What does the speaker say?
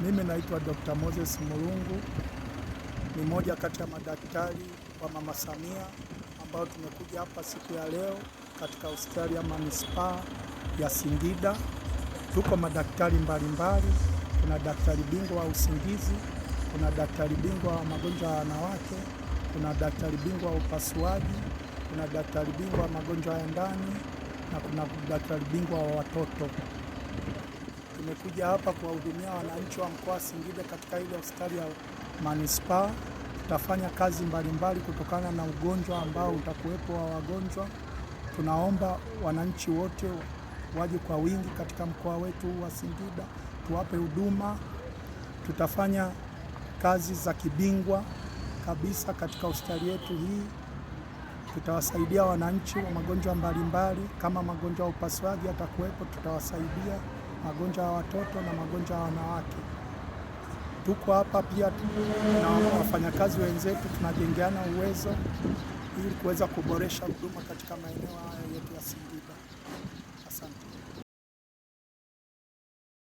Mimi naitwa Dr. Moses Mulungu, ni mmoja kati ya madaktari wa Mama Samia ambao tumekuja hapa siku ya leo katika hospitali ya manispaa ya Singida. Tuko madaktari mbalimbali, kuna daktari bingwa wa usingizi, kuna daktari bingwa wa magonjwa ya wanawake, kuna daktari bingwa wa upasuaji, kuna daktari bingwa wa magonjwa ya ndani na kuna daktari bingwa wa watoto nimekuja hapa kuwahudumia wananchi wa mkoa wa Singida katika ile hospitali ya manispaa. Tutafanya kazi mbalimbali kutokana na ugonjwa ambao utakuwepo wa wagonjwa. Tunaomba wananchi wote waje kwa wingi katika mkoa wetu wa Singida tuwape huduma. Tutafanya kazi za kibingwa kabisa katika hospitali yetu hii. Tutawasaidia wananchi wa magonjwa mbalimbali, kama magonjwa ya upasuaji yatakuwepo, tutawasaidia magonjwa ya watoto na magonjwa ya wanawake. Tuko hapa pia na wafanyakazi wenzetu, tunajengeana uwezo ili kuweza kuboresha huduma katika maeneo haya yetu ya Singida. Asante.